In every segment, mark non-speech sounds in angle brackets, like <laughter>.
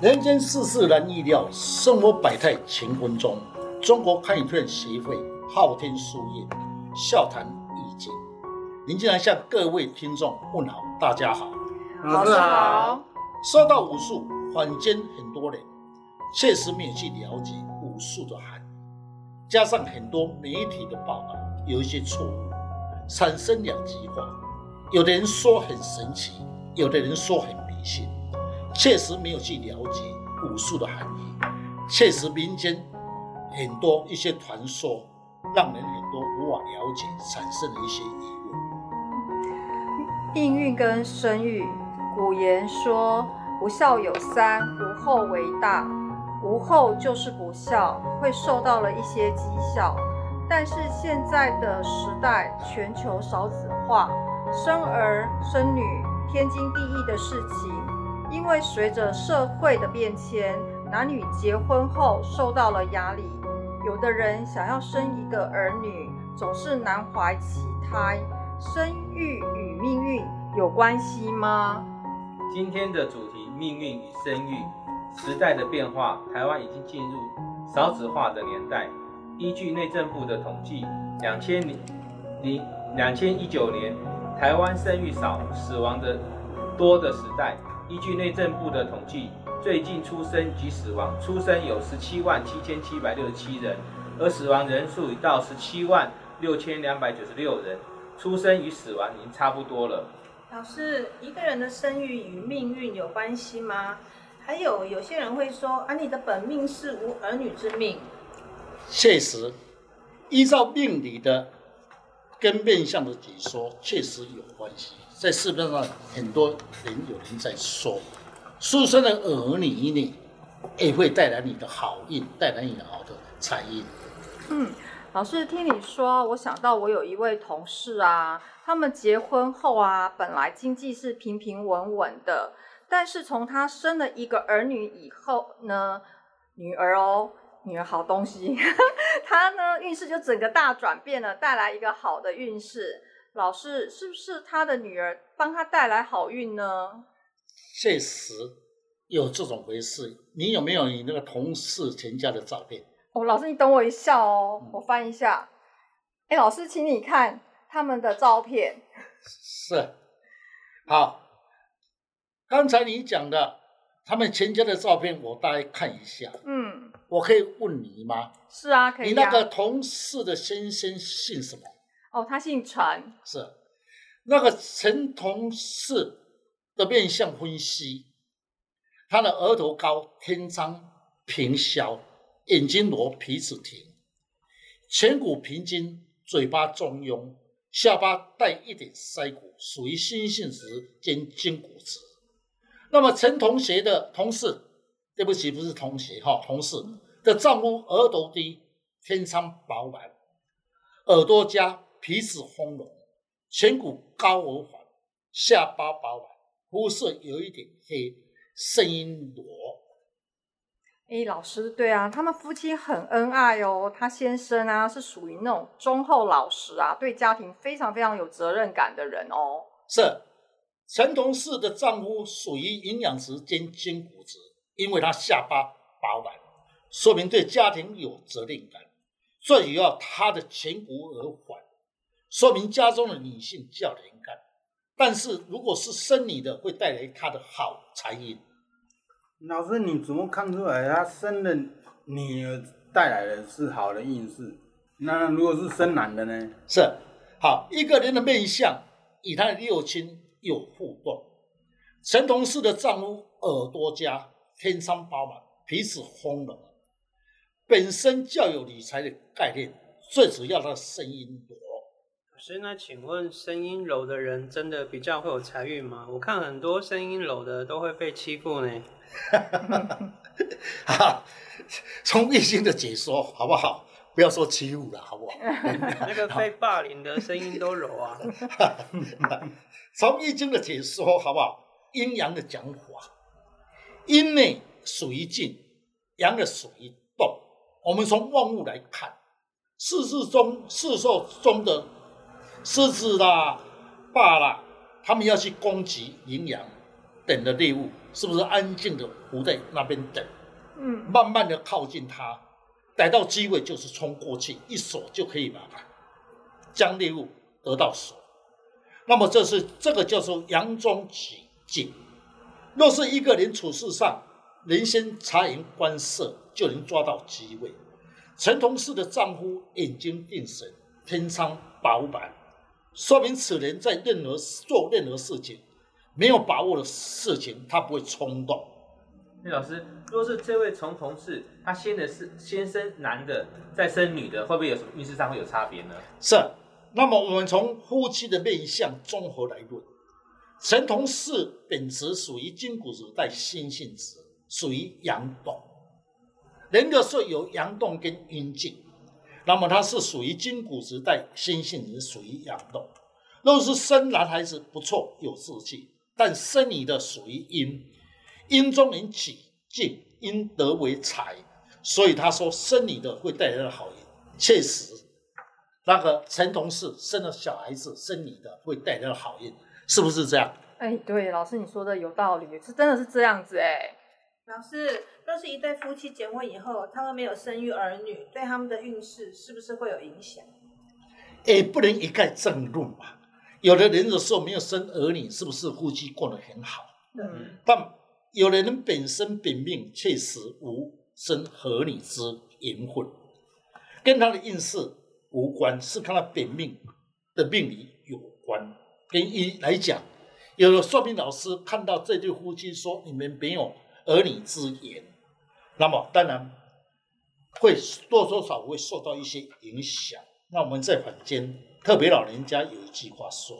人間世事難預料，生活百態乾坤中。中國看一片協會，昊天書院，笑談易經。您竟然向各位聽眾問好，大家好，老師好吧。說到武術，坊間很多人確實沒有去了解武術的含義，加上很多媒體的報道有一些錯誤，產生兩極化。有的人說很神奇，有的人說很迷信。確實沒有去了解武術的含義。確實，民間很多一些傳說，讓人很多無法了解，產生了一些疑問。命運跟生育，古言說“不孝有三，無後為大”。無後就是不孝，會受到了一些譏笑。但是現在的時代，全球少子化，生兒生女天經地義的事情。因為隨着社會的變遷，男女結婚後受到了壓力，有的人想要生一個兒女，總是難懷其胎。生育與命運有關係嗎？今天的主題：命運與生育。時代的變化，台灣已經進入少子化的年代。依據內政部的統計，兩千零兩千一九年，台灣生育少，死亡的多的時代。依據內政部的統計，最近出生及死亡，出生有十七萬七千七百六十七人，而死亡人數已到十七萬六千兩百九十六人，出生與死亡已經差不多了。老師，一個人的生育與命運有關係嗎？還有有些人會說，啊，你的本命是無兒女之命。確實，依照命理的跟面相的解說，確實有關係。在市面上，很多人有人在說，出生的兒女呢，也會帶來你的好運，帶來你的好的財運。嗯，老師聽你說，我想到我有一位同事啊，他們結婚後啊，本來經濟是平平穩穩的，但是從他生了一個兒女以後呢，女兒哦，女兒好東西，呵呵，他呢，運勢就整個大轉變了，帶來一個好的運勢。老師，是不是他的女兒幫他帶來好運呢？確實有這種回事。你有沒有你那個同事全家的照片？哦，老師，你等我一下哦，嗯、我翻一下。哎，老師，請你看他們的照片。是。好，剛才你講的他們全家的照片，我大概看一下。嗯。我可以問你嗎？是啊，可以啊。你那個同事的先生姓，姓什麼？哦，他姓陳，是那個陳同事的面相分析。他的額頭高，天倉平削，眼睛裸，鼻子挺，顴骨平筋，嘴巴中庸，下巴帶一點腮骨，屬於心性質兼筋骨質。那麼陳同學的同事，嗯、對不起，不是同學哈、哦，同事、嗯、的丈夫額頭低，天倉飽滿，耳朵夾。鼻子豐隆，顴骨高而緩，下巴飽滿，膚色有一點黑，聲音糯。哎，老師對啊，他們夫妻很恩愛哦。他先生啊，是屬於那種忠厚老實啊，對家庭非常非常有責任感的人哦。是陳同事的丈夫，屬於營養質兼兼筋骨質，因為他下巴飽滿，說明對家庭有責任感。所以要他的顴骨而緩。說明家中的女性較能幹，但是如果是生女的，會帶來她的好財運。老師，你怎麼看出來她生的女兒帶來的是好的運勢？那如果是生男的呢？是，好一個人的面相與他的六親有互動。陳同事的丈夫耳朵佳，天生飽滿，鼻子豐隆，本身較有理財的概念，最主要他聲音多。所以那請問聲音柔的人真的比較會有財運嗎？我看很多聲音柔的都會被欺負呢。哈哈哈哈哈！從易經的解說好不好？不要說欺辱了，好不好？ <laughs> <laughs> 那個被霸凌的聲音都柔啊。從易經的解說好不好？陰陽的講法，陰呢屬於靜，陽的屬於動。我們從萬物來看，世事中世獸中的。獅子啦、豹啦，他們要去攻擊羚羊等的獵物，是不是安靜的伏在那邊等？嗯，慢慢的靠近它，逮到機會就是衝過去，一鎖就可以把它將獵物得到手。那麼這是這個叫做佯裝起勁。若是一個人處事上，能先察言觀色，就能抓到機會。陳同事的丈夫眼睛定神，天倉飽滿。說明此人在任何做任何事情，沒有把握的事情，他不會衝動。林老師，若是這位陳同事，他先的是先生男的，再生女的，會不會有什麼運勢上會有差別呢？是、啊。那麼我們從夫妻的面相綜合來論，陳同事本質屬於金骨時代心性氏，屬於陽動，人格說有陽動跟陰靜。那麼他是屬於金古時代，心性也屬於陽動，若是生男孩子不錯，有志氣。但生女的屬於陰，陰中人起靜，陰德為財，所以他說生女的會帶來的好運，確實。那個陳同事生了小孩子，生女的會帶來的好運，是不是這樣？哎、欸，對，老師你說的有道理，是真的是這樣子哎、欸。老師，若是一對夫妻結婚以後，他們沒有生育兒女，對他們的運勢是不是會有影響？也不能一概正論嘛。有的人有時候沒有生兒女，是不是夫妻過得很好？嗯。但有的人本身本命確實無生兒女之緣分，跟他的運勢無關，是他他本命的命理有關。跟一來講，有的算命老師看到這對夫妻說：“你們沒有。”兒女之言，那麼當然會多多少少會受到一些影響。那我們在坊間，特別老人家有一句話說：“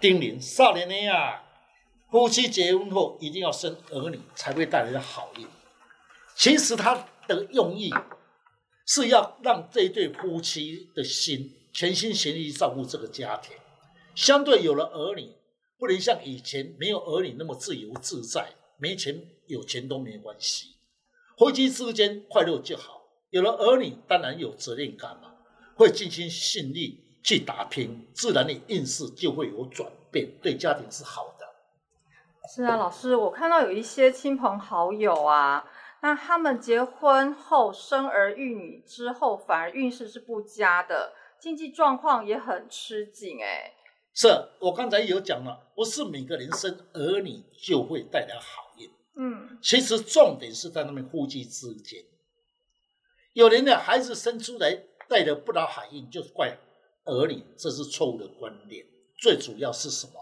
叮嚀少年的呀、啊，夫妻結婚後一定要生兒女，才會帶來的好運。”其實他的用意是要讓這對夫妻的心全心全意照顧這個家庭。相對有了兒女，不能像以前沒有兒女那麼自由自在，沒錢。有錢都沒關係，夫妻之間快樂就好。有了兒女，當然有責任感嘛，會盡心盡力去打拼，自然你運勢就會有轉變，對家庭是好的。是啊，老師，我看到有一些親朋好友啊，那他們結婚後生兒育女之後，反而運勢是不佳的，經濟狀況也很吃緊、欸。哎，是我剛才有講了，不是每個人生兒女就會帶來好運。嗯，其實重點是在他們夫妻之間。有人的孩子生出來帶着不良反應，就是怪兒女，這是錯誤的觀念。最主要是什麼？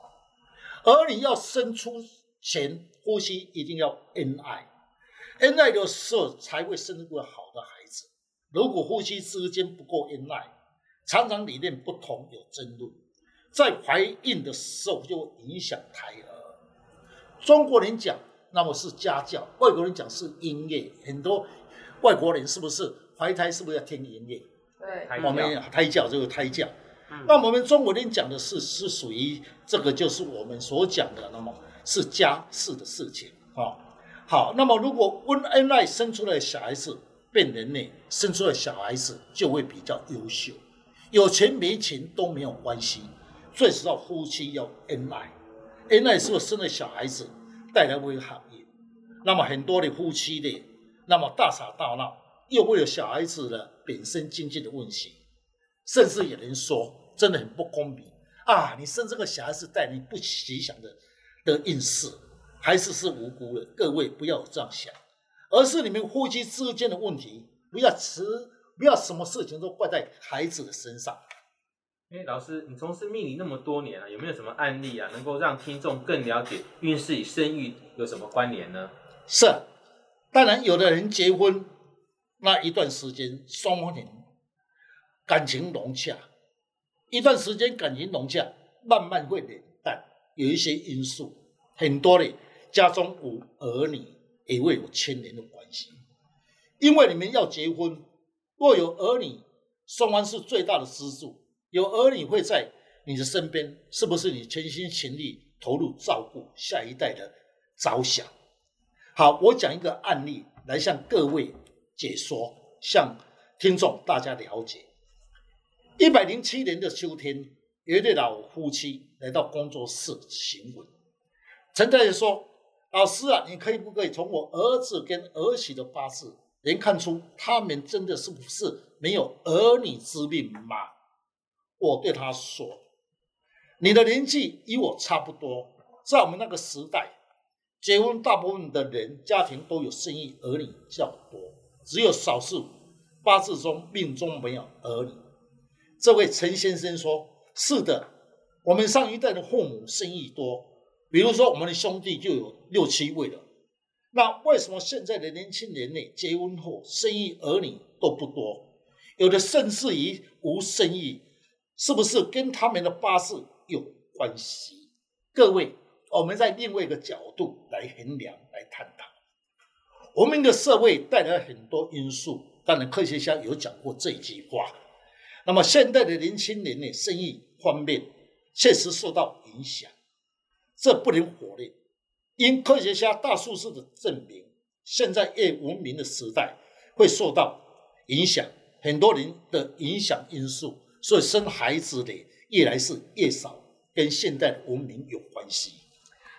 兒女要生出前，夫妻一定要恩愛，恩愛的時候才會生出個好的孩子。如果夫妻之間不夠恩愛，常常理念不同，有爭論，在懷孕的時候就會影響胎兒。中國人講。那麼是家教，外國人講是音樂，很多外國人是不是懷胎是不是要聽音樂？對，我們胎教就是胎教。那我們中國人講的是是屬於這個就是我們所講的那麼是家事的事情。好、哦，好，那麼如果溫恩愛生出來的小孩子，變人類，生出來的小孩子就會比較優秀，有錢沒錢都沒有關係，最主要夫妻要恩愛，恩愛是不是生了小孩子？帶來危害，那麼很多的夫妻的，那麼大吵大鬧，又為了小孩子的本身經濟的問題，甚至有人說真的很不公平啊！你生這個小孩子帶來不吉祥的的運勢，孩子是，是無辜的，各位不要這樣想，而是你們夫妻之間的問題，不要持，不要什麼事情都怪在孩子的身上。哎，老師，你從事命理那麼多年了，啊，有沒有什麼案例啊，能夠讓聽眾更了解運勢與生育有什麼關聯呢？是，啊，當然，有的人結婚那一段時間，雙方人感情融洽，一段時間感情融洽，慢慢會冷淡。有一些因素，很多的家中無兒女，也會有牽連的關係，因為你們要結婚，若有兒女，雙方是最大的支柱。有兒女會在你的身邊，是不是你全心全力投入照顧下一代的着想？好，我講一個案例來向各位解說，向聽眾大家了解。一百零七年的秋天，有一對老夫妻來到工作室詢問陳大爺說：“老師啊，你可以不可以從我兒子跟兒媳的八字，能看出他們真的是不是沒有兒女之命嗎？”我對他說：“你的年紀與我差不多，在我們那個時代，結婚大部分的人家庭都有生育，兒女較多；只有少數八字中命中沒有兒女。”這位陳先生說：“是的，我們上一代的父母生育多，比如說我們的兄弟就有六七位了。那為什麼現在的年輕人呢，結婚後生育兒女都不多？有的甚至於無生育。”是不是跟他們的八字有關係？各位，我們在另外一個角度來衡量、來探討。文明的社會帶來很多因素，當然科學家有講過這句話。那麼現在的年輕人的生意方面確實受到影響，這不能否認。因科學家大數據的證明，現在越文明的時代會受到影響，很多人的影響因素。所以生孩子的越來越少，跟現代文明有關係。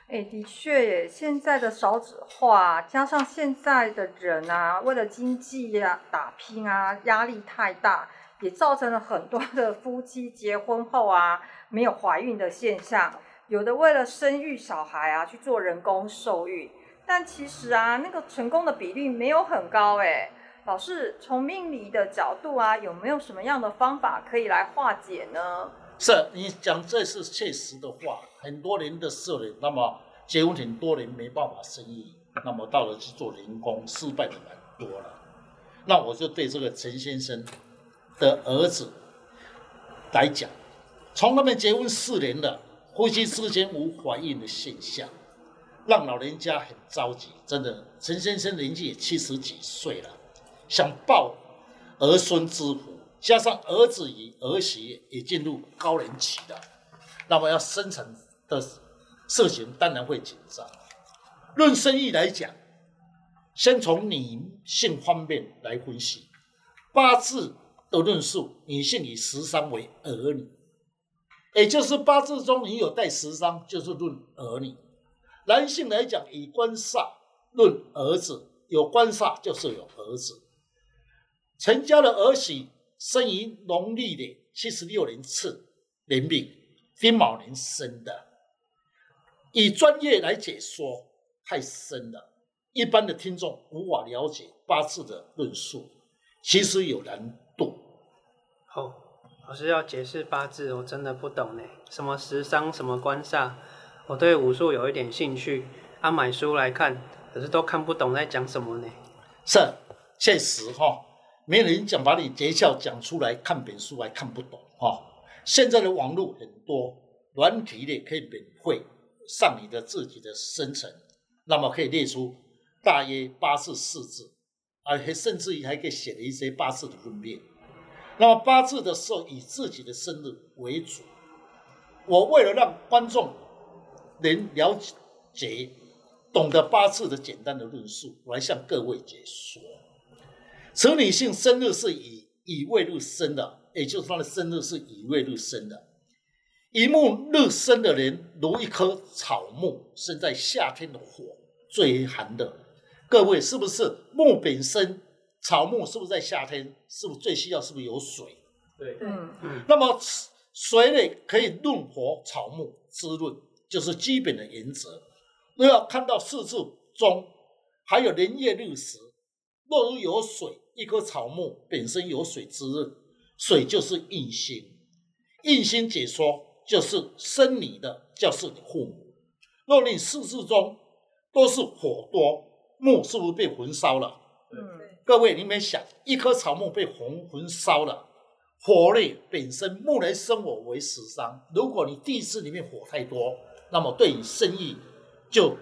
哎、欸，的確，現在的少子化加上現在的人啊，為了經濟啊打拼啊，壓力太大，也造成了很多的夫妻結婚後啊沒有懷孕的現象。有的為了生育小孩啊去做人工受孕，但其實啊，那個成功的比例沒有很高哎、欸。老師從命理的角度啊，有沒有什麼樣的方法可以來化解呢？是你講這是確實的話，很多人的事了。那麼結婚很多年沒辦法生育，那麼到了去做人工，失敗的蠻多了。那我就對這個陳先生的兒子來講，從他們結婚四年了，夫妻之間無懷孕的現象，讓老人家很着急。真的，陳先生年紀也七十幾歲了。想抱兒孫之福，加上兒子與兒媳也進入高齡期了，那麼要生成的事情當然會緊張。論生育來講，先從女性方面來分析，八字的論述，女性以食傷為兒女，也就是八字中你有帶食傷，就是論兒女。男性來講，以官煞論兒子，有官煞就是有兒子。成家的兒媳生於農曆的七十六年次年丙丁卯年生的，以專業來解說太深了，一般的聽眾無法了解八字的論述，其實有難度。好、哦，老師要解釋八字，我真的不懂呢。什麼時商，什麼官煞？我對武術有一點興趣，愛、啊、買書來看，可是都看不懂在講什麼呢？是現實哈。沒有人講把你訣竅講出來，看本書還看不懂哈、哦！現在的網絡很多，軟體類可以免費，上你的自己的生辰，那麼可以列出大約八字四字，啊，還甚至於還可以寫了一些八字的分辨。那麼八字的時候以自己的生日為主。我為了讓觀眾能了解、懂得八字的簡單的論述，我來向各位解說。此女性生日是乙乙未日生的，也就是她的生日是乙未日生的。乙木日生的人，如一棵草木，生在夏天的火最寒的。各位是不是木本身草木是不是在夏天是不是最需要是不是有水？嗯、對，嗯，那麼水呢，可以潤活草木，滋潤，就是基本的原則。又要看到四柱中，還有年月日時。若如有水，一棵草木本身有水滋潤，水就是印星。印星解說就是生你的，就是你父母。若你世事中都是火多，木是不是被焚燒了？嗯、各位，你們想，一棵草木被焚焚燒了，火類本身木來生我為食傷。如果你地支裡面火太多，那麼對你生意就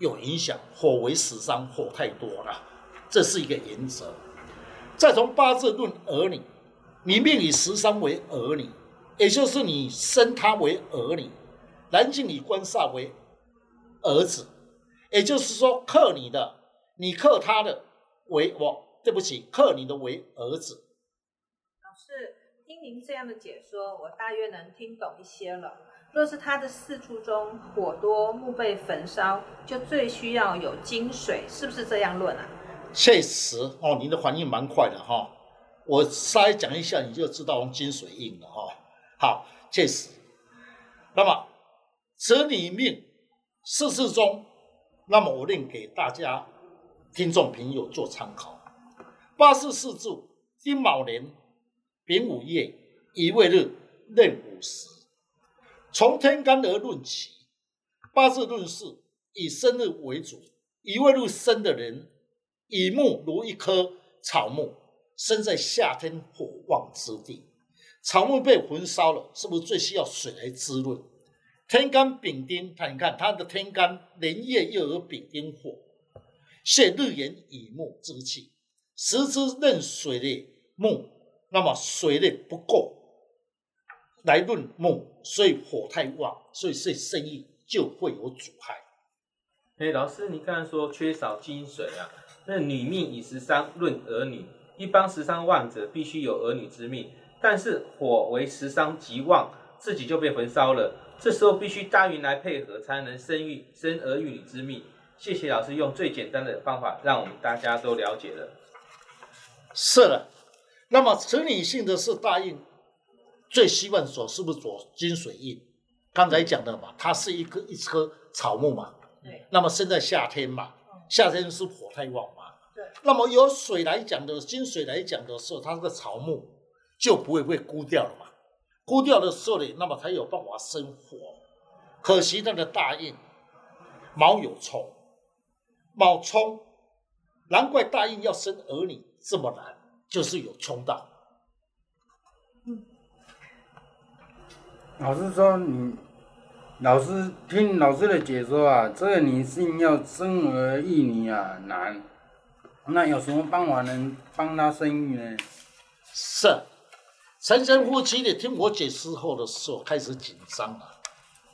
有影響。火為食傷，火太多了。這是一個原則。再從八字論兒女，你命以食傷為兒女，也就是你生他為兒女；男命以官煞為兒子，也就是說克你的，你克他的為我、哦。對不起，克你的為兒子。老師，聽您這樣的解說，我大約能聽懂一些了。若是他的四柱中火多，木被焚燒，就最需要有金水，是不是這樣論啊？確實哦，您的反應蠻快的哈、哦。我稍微講一下，你就知道用金水印了哈、哦。好，確實。那麼，子女命，四字中，那麼我另給大家聽眾朋友做參考。八字四柱，丁卯年，丙午月，乙未日，壬午時。從天干而論起，八字論事以生日為主，乙未日生的人。乙木如一棵草木，生在夏天火旺之地，草木被焚燒了，是不是最需要水來滋潤？天干丙丁，你看看它的天干，年月又有丙丁火，洩日元乙木之氣，時支壬水的木，那麼水的不夠來論木，所以火太旺，所以所以生意就會有阻礙。誒，老師，你剛才說缺少金水啊？那女命以食傷論兒女，一般食傷旺者必須有兒女之命。但是火為食傷極旺，自己就被焚燒了。這時候必須大運來配合，才能生育生兒育女之命。謝謝老師用最簡單的方法，讓我們大家都了解了。是了，那麼成女性的是大運，最希望說是不是左金水印？剛才講的嘛，它是一顆一棵草木嘛。對那麼生在夏天嘛。夏天是火太旺嘛，對那麼由水來講的，金水來講的時候，它的草木就不會被枯掉了嘛。枯掉的時候呢，那麼才有辦法生火。可惜那個大運卯有沖，卯沖，難怪大運要生兒女這麼難，就是有沖到。嗯。老師說你。老師聽老師的解說啊，這個女性要生兒育女啊，難，那有什麼辦法能幫她生育呢？是啊，陳先生夫妻的聽我解釋後的時候開始緊張了。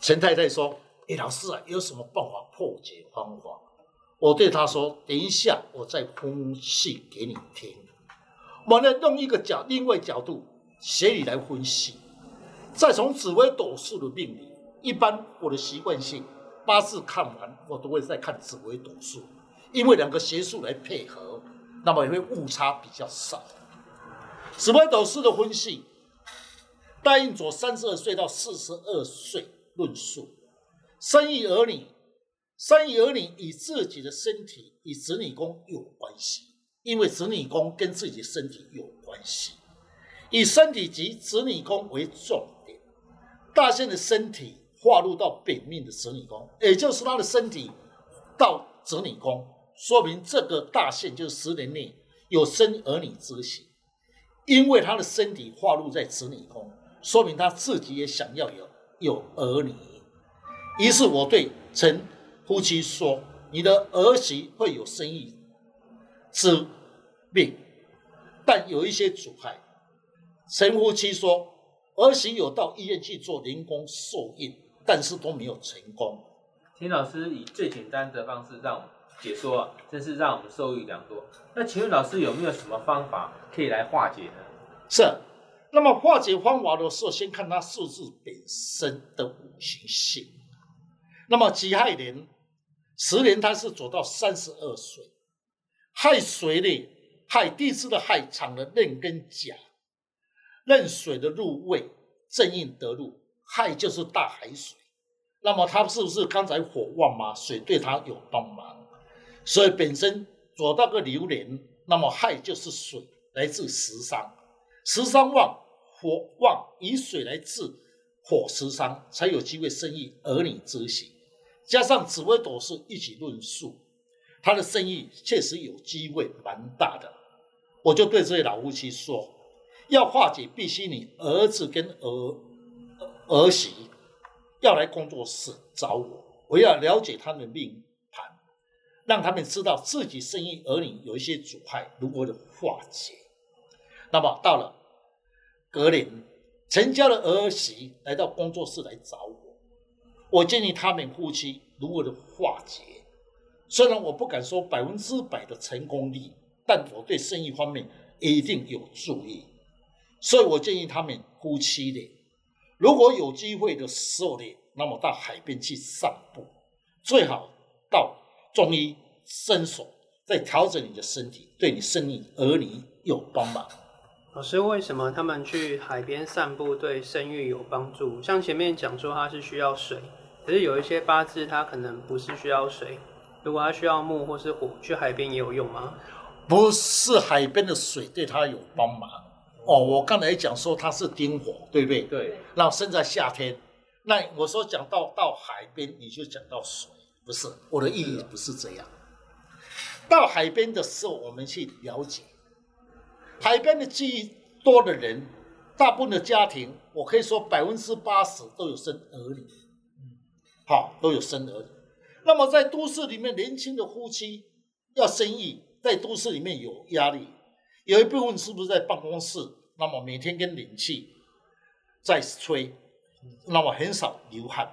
陳太太說：“林老師啊，有什麼辦法破解方法？”我對他說：“等一下，我再分析給你聽，我來用一個角，另外角度學理來分析，再從紫微斗數的命理。”一般我的習慣性八字看完，我都會再看紫微斗數，因為兩個學術來配合，那麼也會誤差比較少。紫微斗數的分析，大運走三十二歲到四十二歲論述，生育兒女，生育兒女與自己的身體與子女宮有關係，因為子女宮跟自己的身體有關係，以身體及子女宮為重點，大限的身體化入到本命的子女宮，也就是他的身體到子女宮，說明這個大限就是十年內有生兒女之喜，因為他的身體化入在子女宮，說明他自己也想要有有兒女。於是我對陳夫妻說：“你的兒媳會有生育之命，但有一些阻礙。”陳夫妻說：“兒媳有到醫院去做人工受孕。”但是都沒有成功。林老師以最簡單的方式讓我們解說，真是讓我們受益良多。那請問老師有沒有什麼方法可以來化解呢？是。那麼化解方法的時候，先看它數字本身的五行性。那麼己亥年，十年它是走到三十二歲。亥水呢，亥地支的亥藏了壬跟甲，壬水的入位正印得入。亥就是大海水，那麼他是不是剛才火旺嗎？水對他有幫忙，所以本身走到個流年，那麼亥就是水，來自食傷，食傷旺火旺，以水來制火食傷，才有機會生育兒女之喜。加上紫薇斗數一起論述，他的生意確實有機會蠻大的。我就對這位老夫妻說，要化解必須你兒子跟兒。兒媳要來工作室找我，我要了解他們的命盤，讓他們知道自己生育兒女有一些阻礙，如何的化解。那麼到了隔年，陳家的兒媳來到工作室來找我，我建議他們夫妻如何的化解。雖然我不敢說百分之百的成功率，但我對生育方面一定有助益，所以我建議他們夫妻的。如果有機會的時候，那麼到海邊去散步，最好到中醫診所再調整你的身體，對你生育兒女有幫忙。老師，為什麼他們去海邊散步對生育有幫助？像前面講說他是需要水，可是有一些八字它可能不是需要水，如果他需要木或是火，去海邊也有用嗎？不是海邊的水對他有幫忙。哦，我剛才講說它是丁火，對不對？對。那生在夏天，那我說講到到海邊，你就講到水，不是，我的意義不是這樣。對到海邊的時候，我們去了解海邊的生育多的人，大部分的家庭，我可以說百分之八十都有生兒女。嗯。好，都有生兒女、嗯哦。那麼在都市裡面，年輕的夫妻要生育，在都市裡面有壓力，有一部分是不是在辦公室？那麼每天跟冷氣，在吹，那麼很少流汗。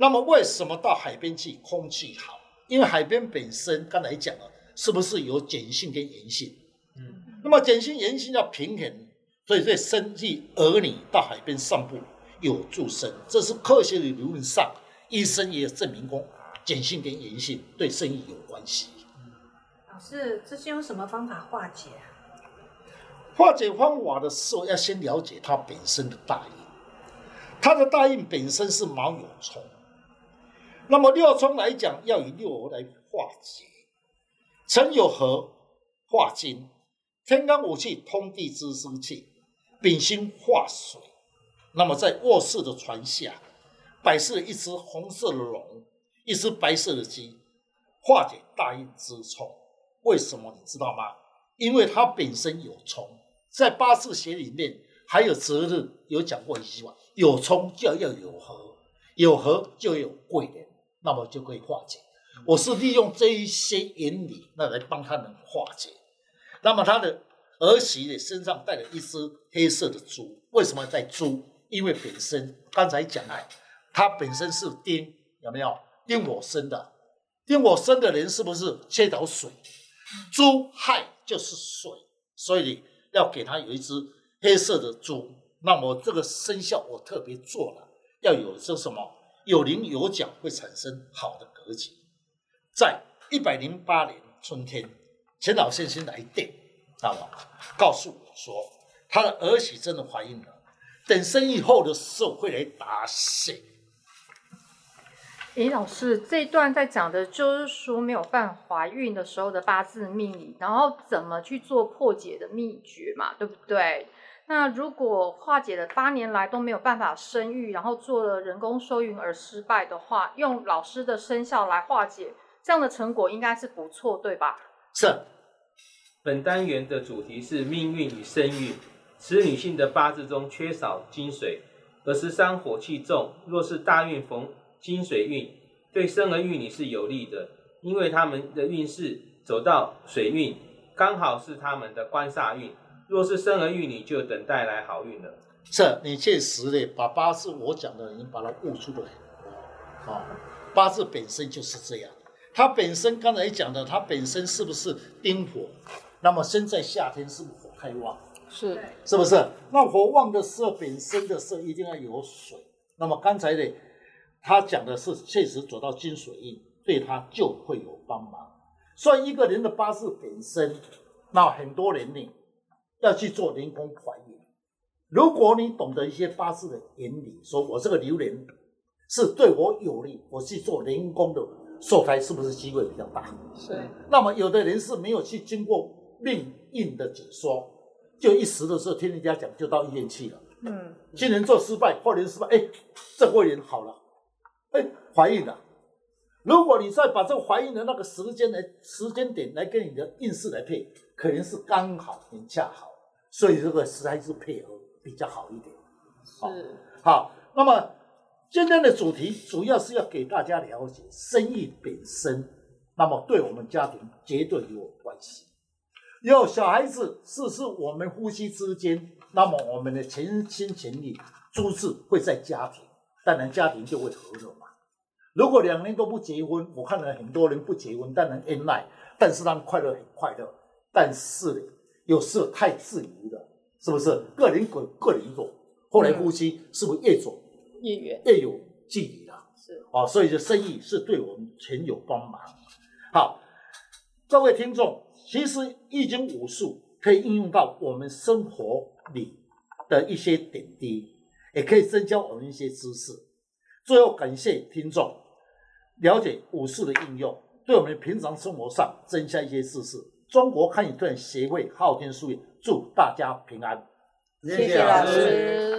那麼為什麼到海邊去空氣好？因為海邊本身剛才講了，是不是有鹼性跟鹽性？嗯，那麼鹼性、鹽性要平衡，所以對生育兒女到海邊散步有助生，這是科學的理論上，醫生也有證明過，鹼性跟鹽性對生育有關係。嗯、老師，這是用什麼方法化解啊？化解方法的時候，要先了解它本身的大運。它的大運本身是卯酉沖。那麼六沖來講，要以六合來化解。辰酉合，化金；天干五氣通地支生氣，丙辛化水。那麼在臥室的床下擺設一隻紅色的龍，一隻白色的雞，化解大運之沖。為什麼你知道嗎？因為它本身有沖。在八字學裡面，還有擇日有講過一句話：有沖就要有合，有合就有貴人，那麼就可以化解。我是利用這一些原理，那來幫他們化解。那麼他的兒媳的身上帶了一只黑色的豬，為什麼帶豬？因為本身剛才講了，他本身是丁，有沒有丁火生的？丁火生的人是不是缺少水？豬亥就是水，所以你。要給他有一隻黑色的豬，那麼這個生肖我特別做了，要有這什麼有鱗有角，會產生好的格局。在一百零八年春天，錢老先生來電，那告訴我說他的兒媳真的懷孕了，等生以後的時候會來答謝。李老師，這一段在講的就是說沒有辦法懷孕的時候的八字命理，然後怎麼去做破解的秘訣嘛，對不對？那如果化解了八年來都沒有辦法生育，然後做了人工受孕而失敗的話，用老師的生肖來化解，這樣的成果應該是不錯，對吧？是。本單元的主題是命運與生育。此女性的八字中缺少金水，而十三火氣重，若是大運逢。金水運對生兒育女是有利的，因為他們的運勢走到水運，剛好是他們的官煞運。若是生兒育女，就等待來好運了。你這你確實的，把八字我講的，你把它悟出來。好、哦，八字本身就是這樣。它本身剛才講的，它本身是不是丁火？那麼生在夏天，是不是火太旺？是，是不是？那火旺的時候，本身的時候一定要有水。那麼剛才的。他講的是確實走到金水印，對他就會有幫忙。所以一個人的八字本身，那很多人呢，要去做人工懷孕，如果你懂得一些八字的原理，說我這個流年是對我有利，我去做人工的受胎是不是機會比較大？是。那麼有的人是沒有去經過命運的解說，就一時的時候聽人家講就到醫院去了。嗯。今年做失敗，後年失敗，哎，這後人好了。哎，懷孕了。如果你再把這個懷孕的那個時間來、時間點來跟你的運勢來配，可能是剛好、很恰好，所以這個時還是配合比較好一點。是，好，好。那麼今天的主題主要是要給大家了解生育本身，那麼對我們家庭絕對有關係。有小孩子是是我們夫妻之間，那麼我們的全心全力，諸事會在家庭。當然，家庭就會和樂嘛。如果兩人都不結婚，我看了很多人不結婚，但能恩愛，但是他們快樂很快樂。但是，有時太自由了，是不是？個人搞，個人走，後來夫妻是不是越走越遠，嗯、越有距離啊？是。哦，所以這生意是對我們很有幫忙。好，各位聽眾，其實易經五術可以應用到我們生活裡的一些點滴。也可以增加我們一些知識。最後，感謝聽眾了解武術的應用，對我們平常生活上增加一些知識。中國漢語拳協會昊天書院祝大家平安，謝謝老師。